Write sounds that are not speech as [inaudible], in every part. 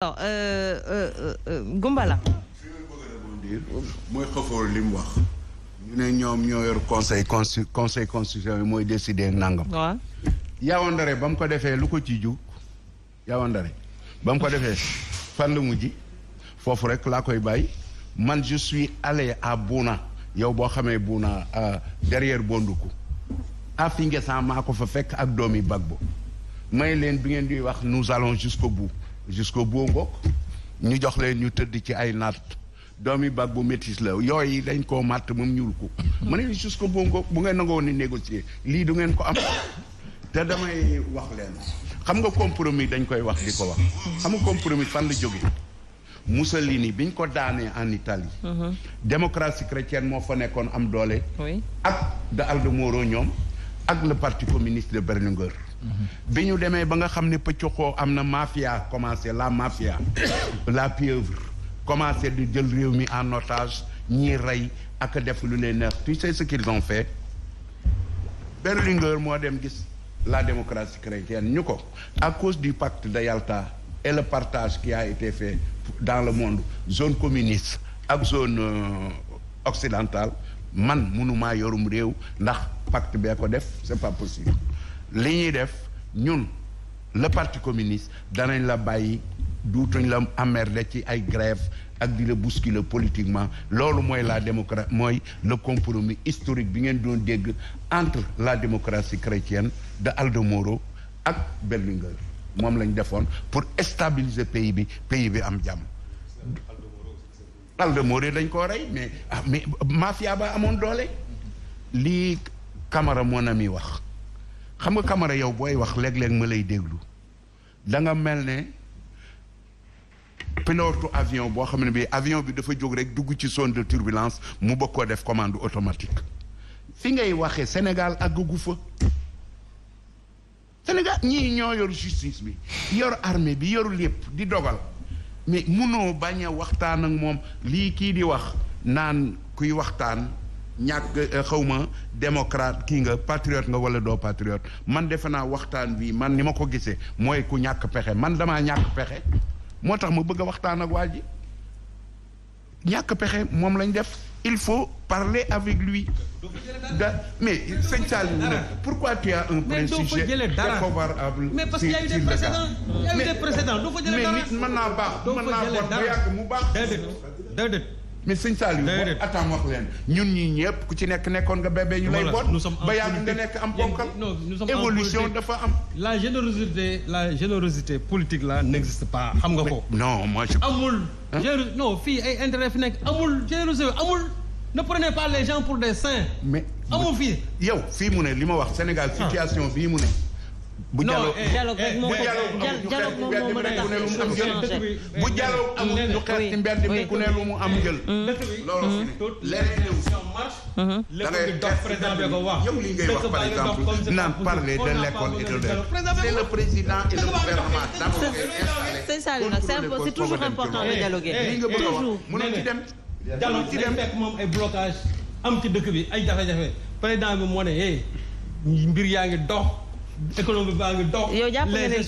alors Goumbala. a rebondir mooy xëfoor li mu wax ñu ne ñoom ñoo yor conseil consi conseil constitution mooy décider nangam. waaw Yawandare ba mu ko defee lu ko ci ju Yawandare ba mu ko defee fan la mujj foofu rek laa koy bàyyi man je suis allé à yow boo xamee Bouna euh, derrière Bonduku à Finguessan maa ko fa fekk ak doomi Bagbo may leen bi ngeen di wax nous allons jusqu'au bout. jusqu'au bout ngoog ñu jox leen ñu tëdd ci ay naat doomi bag bu métis la yooyu dañ koo màtt moom ñuul ko ma ne jusqu'au bout ngoog bu ngeen nangoo ni négocier lii du ngeen ko am te damay wax leen xam nga compromis dañ koy wax di ko wax xam nga compromis fan la jóge Mussolini biñ ko daanee en Italie mhm. démocratie chrétienne moo fa nekkoon am doole ak de Aldo Moro ñoom ak le parti communiste de Berlinguer bi ñu demee ba nga xam ne pëccoxoo am na mafia commencé la mafia [coughs] la pieuvre commencé du jël réew mi en otage ñii rey ak def lu ne neex tu sais ce qu'ils ont fait Berlinguer moo dem gis la démocratie chrétienne ñu ko à cause du pacte de Yalta et le partage qui a été fait dans le monde zone communiste ak zone euh, occidentale man mënumaa yorum réew ndax pacte bee ko def c'est pas possible li ñuy def ñun le parti communiste danañ la bàyyi duutuñ la emmerde ci ay grave ak di la bousculer politiquement loolu mooy la démocratie mooy le compromis historique bi ngeen doon dégg entre la démocratie chrétienne de Aldo Moro ak Berlinguer moom lañ defoon pour stabiliser pays bi pays bi am jàmm Aldo Moro dañ koo rey mais ah, mais mafia ba amoon doole lii Camara mon ami wax xam nga Camara yow booy wax léeg-léeg ma lay déglu danga mel ne pilote avion boo xam ne bi avion bi dafa jóg rek dugg ci zone de turbulence mu bokkoo def commande automatique fi ngay waxee Sénégal àggagu fa Sénégal ñii ñoo yor justice bi yor armée bi yor lépp di dogal mais munoo bañ a waxtaan ak moom lii kii di wax naan kuy waxtaan ñàkk euh, xawma démocrate kii nga patriote nga wala doo patriot man defe naa waxtaan bii man ni ma ko gisee mooy ku ñàkk pexe man damaa ñàkk pexe moo tax ma bëgg a waxtaan ak waa ñàkk pexe moom lañ def il faut parler avec lui da mais sëñ Saliou na pourquoi tu as un mais a nit mën naa baax mën naa bon ba yàgg mu baax mais sëñ Saliou boo attam wax leen ñun ñi ñëpp ku ci nekk nekkoon nga bébé ñu lay boot ba yàgg nga nekk am bonkal évolution dafa am la générosité la générosité politique la n'existe pas xam nga ko non moo je amul générosité non fii ay intérêt fi nekk amul générosité amul ne prenez pas les gens pour des saints mais amul fii yow fii mu ne li ma wax Sénégal ah. situation fii mu ne bu eh, eh, eh, dialogue bu dialogue moom moo mën a tax ñu changé bu dialogue amul ñu xeet ci mbedd mi ku ne lu mu am jël. Mm. loolu leneen ñëw mm-hmm. da ngay teg yow li ngay wax par exemple naan parler de l'école et de l'élève c'est le président et le gouvernement d'abord installé. nag c'est toujours important de dialoguer li nga bëgg a wax mënoo ci dem. dialogue ci dem fekk moom ay blocage am ci dëkk bi ay jafe-jafe président bi moo ne mbir yaa ngi dox. économie baa ngi dox. yow jàpp nga ne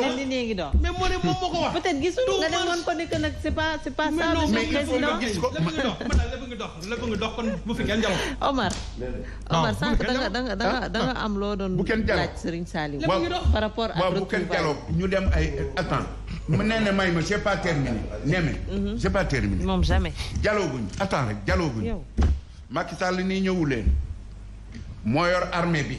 mais nii ngi dox. mais moo ne moom moo ko wax. peut-être gisul nga ne woon ko ni pas c'est pas ça. mais il bu fi kenn jalo. Omar. da nga da ah, da ah. am loo doon. bu kenn jalo laaj Serigne Saliou. par rapport ak waaw bu kenn jalo ñu dem ay attends. mu nee na may ma c'est pas terminé. nemme c'est mhm. pas terminé. moom jamais. jalooguñu attends rek jalooguñu. Macky Sall nii ñëwuleen moo yor armée bi.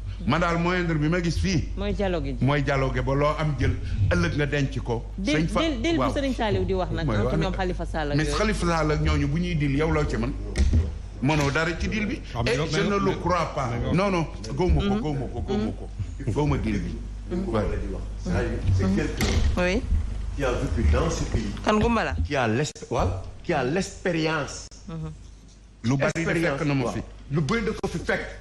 man daal moindre bi ma gis fii. mooy dialogue gi mooy dialogue ba loo am jël ëllëg nga denc ko. sëñ dil bi sëriñ Saliou di wax nag. mooy waaw ñoom Khalifa Sall ak ñooñu bu ñuy dil yow loo ci man mënoo dara ci dil bi. Ah, et eh, je ko hmm? gëwuma ko gëwuma dil bi. voilà c'est a vécu dans Gumbala. Hmm. lu bari de fekk na ma fi lu bari de ko fi fekk.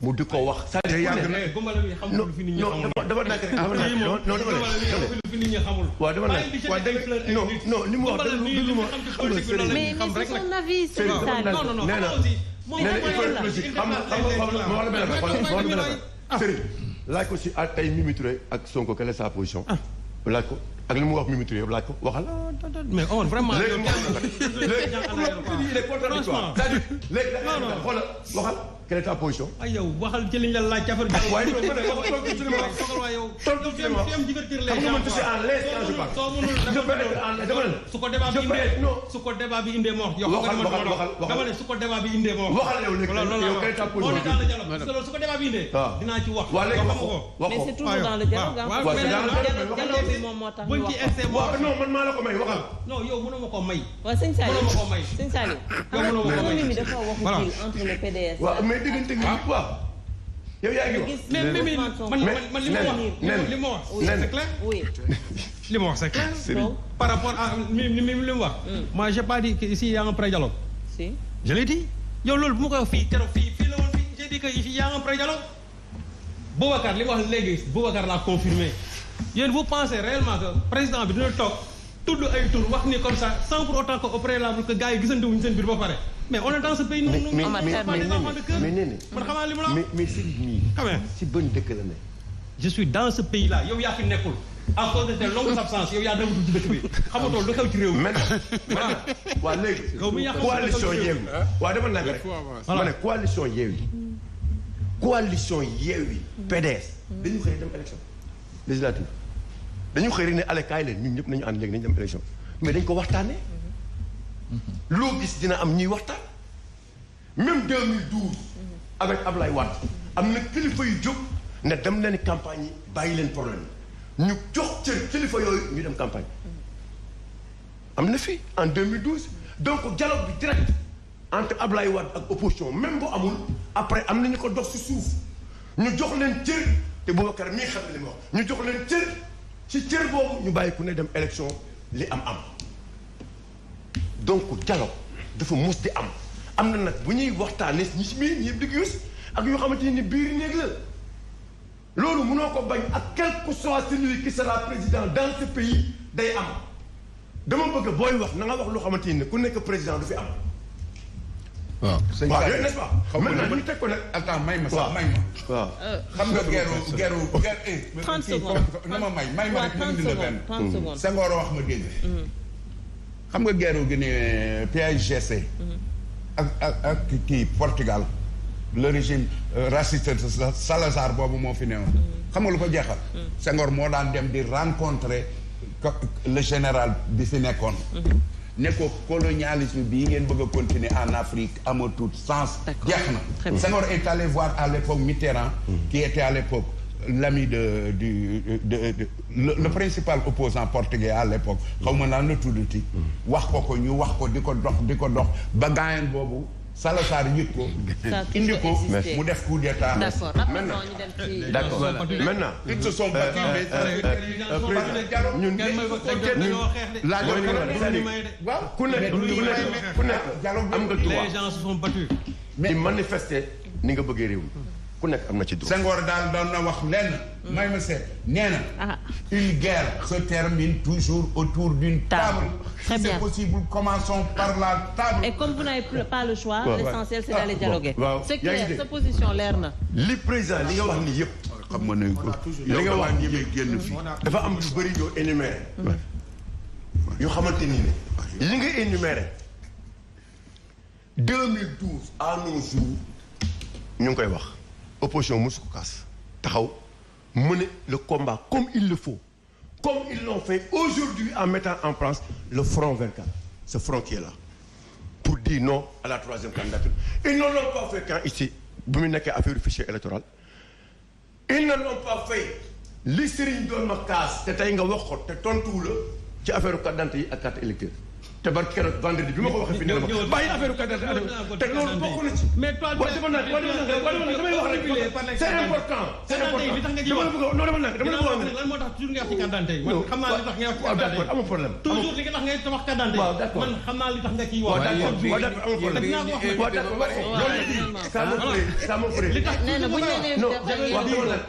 mu di ko wax. c'est-à-dire yàgg na non non dafa nekk rek dafa nekk non non dafa nekk. waaw dafa nekk waaw dégg nga non non li mu wax déglu ma. mais mais c'est son avis c'est ça non non xam nga aussi. moom mooy la Serigne laaj ko si ak tey Mimi Touré ak Sonko quelle est sa position. laaj ko ak li mu wax Mimi Touré laaj ko waxal. mais on vraiment. léegi mu wax léegi. léegi contradictoire c'est-à-dire léegi waxal. quelle est ta position. ay yow waxal ci liñ la laaj ca affaire bi. waaye yow man de wax tontu ci li ma wax. tontu ci li ma wax xam nga man tu sais en l'aise quand je parle. je parle en dama ne. su ko débat bi indee non su ko débat bi indee ma wax. waxal waxal waxal dama ne su ko débat bi indee ma wax. waxal yow léegi yow quelle est ta position. on est dans le dialogue su ko débat bi indee. waaw ah. dinaa ci wax. waaw léegi wax ko wax ko mais c'est toujours ah, dans le dialogue. waaw waaw dialogue bi moom moo tax ñu wax ko. waaw non man maa la ko may waxal. non yow mënoo ma koo may. waaw sëñ Saliou mënoo ma koo may. sëñ Saliou. yow mënoo ma koo may ngay déggante nga nit ah, yow yaa ngi wax ma wax li ma wax c'est clair. li ma wax c'est clair. par rapport à mi mi hmm. a un pré si je l'ai dit yow loolu bu ma koy wax fii keroog fii fii la woon fii j'ai dit que ici y a un pré-dialogue. Boubacar li ma wax léegi Boubacar l'a confirmé yéen vous pensez réellement que président bi dina toog tudd ay tur wax ni comme ça sans pour autant que au préalable que gars yi gisandiwuñu seen biir ba pare. mais on est dans ce pays. mais mais mais nee man xamaa li mu la mais mais Serigne nii. si bën dëkk la ne. je suis dans ce pays là yow yaa fi nekkul. à cause de tes longues absences yow yaa dematul ci dëkk bi xamatoo lu xew ci réew mi. waa léegi. coalition Yewwi waa dama nag rek. ma ne coalition Yewwi. coalition Yewwi. PDS. Hmm. dañu xëy dem élection législative dañu xëy ne ale kaay leen ñun ñëpp nañu ànd léegi nañu dem élection mais dañ ko waxtaanee. Hmm. loo gis dina am ñuy waxtaan même 2012. avec Ablaye Wade am na kilifa yu jóg ne dem ni campagne yi bàyyi leen problème ñu jox cër kilifa yooyu ñu dem campagne am na fi en 2012 donc dialogue bi direct entre Ablaye Wade ak opposition même bu amul après am na ñu ko dox ci suuf ñu jox leen cër te Boubacar mii xam li ma ñu jox leen cër ci cër boobu ñu bàyyi ku ne dem élection li am am. donc dialogue dafa mos di am am na nag bu ñuy waxtaanee ñi si biir ñëpp di ak yoo xamante ni biir néeg la loolu mënoo ko bañ ak quel que soit celui qui sera président dans ce pays day am dama bëgg booy wax na nga wax loo xamante ni ku nekk président du fi am. waaw sëñ Ba waaw n'est-ce pas. xam nga ko nag. xam na ma may may ma rek ma indi la benn. Senghor wax ma dégg. xam nga guerre Guinée PAIGC mhm. ak ak ak kii Portugal le régime euh, raciste Salazar boobu moo fi newoon mhm. xam nga lu ko jeexal mhm. sangor moo daan dem di rencontrer le général bi fi nekkoon ne ko colonialisme bii ngeen bëgg a continuer en Afrique tout sens jeex na Senghor est allé voir à l'époque Mitterrand qui était à l'époque l'ami de du de, de, de le, le principal opposant portugais à l'époque xaw ma naan la tuddati wax ko ko ñu wax ko di ko dox di ko dox ba gaayen boobu Salazar yëg ko indi ko mu def coup d'état maintenant d'accord maintenant ils se sont battus euh, mais euh, euh, ñun la waaw ku nekk ku nekk am nga droit mais manifester ni nga bëggee réew mi ku nekk am na ci droit. Senghor daal doon na wax lenn. Mm. may ma seet nee na. Ah. une guerre se termine toujours autour d'une table. c'est possible commençons par la table. et comme vous n'avez pas le choix. l'essentiel c'est ah, d'aller dialoguer. c'est clair sa position leer na. li président li nga wax ni yëpp. Ah, xam nga ne li nga wax ni yëpp génn fii. dafa am lu bëri yoo énuméré. Mm-hmm. yoo xamante ni ne. li nga énuméré. à nos jours ñu ngi koy wax. opposition mosu ko kaas taxaw mener le combat comme il le faut comme ils l'ont fait aujourd'hui en mettant en place le front 24 ce front qui est là pour dire non à la troisième candidature ils ne l'ont pas fait quand ici bu muy nekkee affaire fichier électoral ils ne l'ont pas fait li Serigne doon ma kaas te tey nga wax ko te tontuwu la ci affaire carte d'identité yi ak carte électeur te barki keroog vendredi bi ma ko waxee fi ne la ma bàyyi affaire cadre te loolu bokk na ci. mais toi wax rek c'est important. c'est important dama la bëgg a non dama la bëgg a wax. lan moo tax toujours ngay wax ci carte d'identité. non xam naa li tax ngay wax ci carte d'identité d'accord amul problème. toujours li nga tax ngay tabax carte d'identité. waaw d'accord man xam naa li tax nga ciy wax. waaw d'accord amul problème. waaw d'accord loolu li tax nee na bu ñu nee non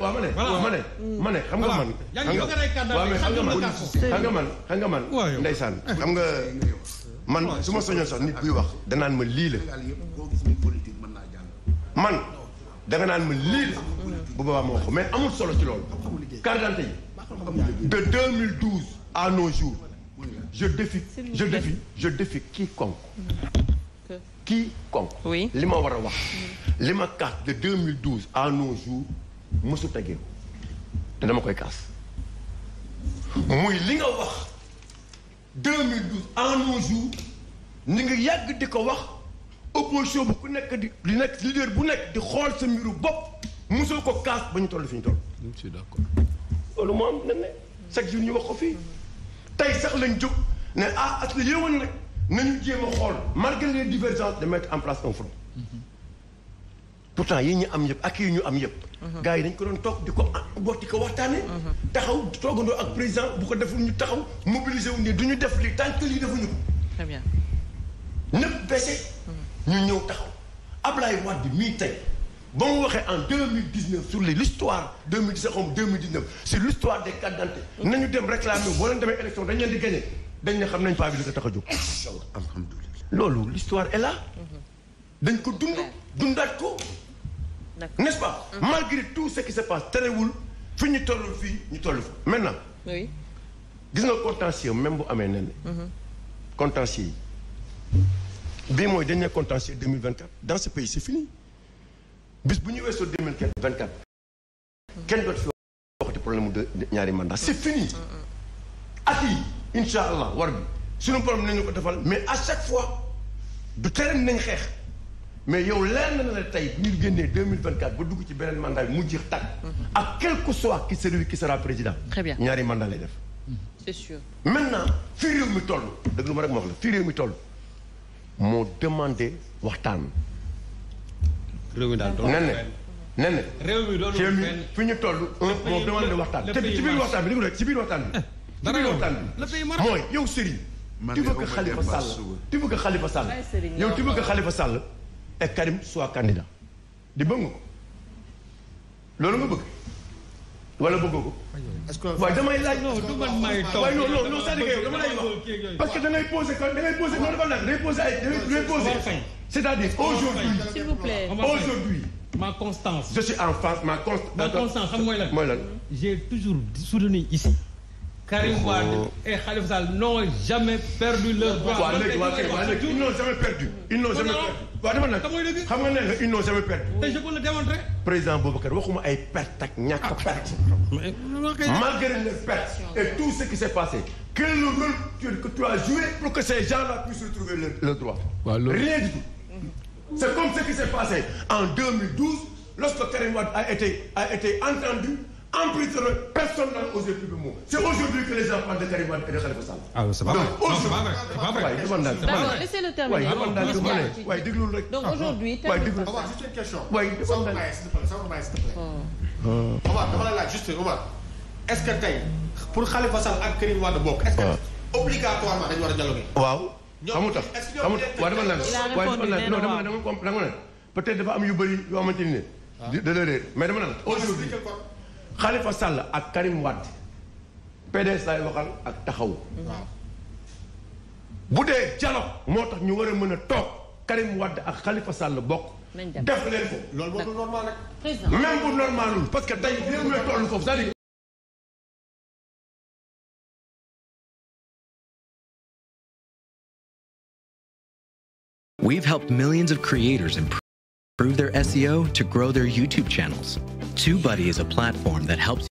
waaw ma ne. ma ne ma ne xam nga man. xam nga man xam nga man ndeysaan xam nga man su ma soñoon sax nit buy wax danaan ma lii la man danga naan ma lii la bu boobaa moo wax mais amul solo ci loolu carte yi de 2012 à nos jours je défie je défie je défie quiconque quiconque li ma war a wax li ma kaas de 2012 à nos jours mësu tegee te dama koy kaas muy li nga wax 2012 en nos jours ni nga yàgg di ko wax opposition bu ku nekk di di nekk leader bu nekk di xool sa mbiru bopp mosoo ko kaas ba ñu toll fi ñu toll. je suis d'accord. moo am na ne chaque jour ñu wax ko fii tey sax lañ jóg ne ah at yéewoon nag na jéem a xool malgré les divergences de mettre en place un front. Mm-hmm. pourtant yi ñu am yëpp ak yi ñu am yëpp. gars dañ ko doon toog di ko ah di ko waxtaanee. taxaw toogandoo ak président bu ko deful ñu taxaw mobiliser wu du ñu def li tant que defuñu nëpp bese. ñu ñëw taxaw Ablaye Wade mii tey ba mu waxee en deux mille dix neuf sur les l'histoire de mille dix sept xom deux mille dix neuf nañu dem réclamer boo leen demee élection dañ leen di dañ ne xam nañ pas bi li ko tax a jóg. alhamdulilah loolu l'histoire est mhm. dañ ko dund dundaat ko. n'est-ce pas. Mm -hmm. malgré tout ce qui se passe terewul fi ñu toll fii ñu toll fa maintenant. oui gis nga contentieux même bu amee nen. Mhm. contentieux yi bii mooy dernier contentieux 2024 dans ce pays c'est fini bis bu ñu weesoo 2024. kenn dootu fi waxati problème mu de ñaari mandat c'est fini. Mhm, mhm. at yi allah war bi suñu borom nañu ko defal mais à chaque fois du tere nañ xeex. mais yow leer na ne tey bu ñu génnee mille vingt quatre ba dugg ci beneen mandat bi mu jeex tàkk. Mhm. ak quel que soit qui celui qui sera président. très bien ñaari mandat la def. Mhm. c'est sûr. fii réew mi toll dëgg ma rek ma wax la fii réew mi toll moo demandé waxtaan. réew mi daal doon nen nen réew mi doon fi ñu toll moo demandé waxtaan te ci biir waxtaan bi dégg eh, nga ci biir waxtaan bi. dara ci biir waxtaan bi mooy yow Serigne. man de tu veux que Khalifa Sall tu veux que Khalifa Sall yow tu veux que et Karim soit candidat di bëgg nga ko loolu nga bëgg wala bëggoo ko. waaw damay laaj. du man maay taw waaye que yow dama lay wax parce que da ngay posé da ngay posé non dafa naan c'est-à-dire aujourd'hui. s'il vous plaît aujourd'hui ma constance. je suis en face ma constance. ma constance xam mooy lan mooy lan. j'ai toujours soutenu ici. Karim Wade et Khalifa Sall n'ont jamais perdu leur droit. ils n'ont jamais perdu. ils n'ont jamais perdu. xam nga ne ils n'ont jamais perdu. te je peux le démontrer. président Boubacar waxuma ay perte ak ñàkk a ah. perte. malgré les pertes et tout ce qui s'est passé. quel est le rôle que tu as joué pour que ces gens-là puissent retrouver le droit. rien du c'est comme ce qui s'est passé en 2012 lorsque Karim Wade a été entendu. emprisonné personne n'a osé plus de mots. C'est aujourd'hui que les gens parlent de Karim Wade et de Khalifa Sall. ah c'est pas vrai c'est pas vrai c'est pas vrai. d'accord laissez-le terminer. waay déglu rek. donc aujourd'hui. waay déglu rek c'est une question. waay déglu rek oh. oh. dama la laaj juste Omar est-ce que tey pour Khalifa Sall ak Karim Wade bokk. est-ce que obligatoirement dañu war a dialoguer. waaw xamu tax xamu tax waaye dama la laaj waaye dama la laaj non dama ne peut-être dafa am yu bëri yoo xamante ni ne. da la réer mais dama la laaj aujourd'hui Khalifa Sall ak Karim Wade PDS lay waxal ak taxaw bu dee dialogue moo tax ñu war a mën a toog Karim Wade ak Khalifa Sall bokk. def leen ko. loolu boobu normal rek. président même bu normalul parce que tey réew mi toll foofu c'est-à-dire We've helped millions of creators improve improve their SEO to grow their YouTube channels. TubeBuddy is a platform that helps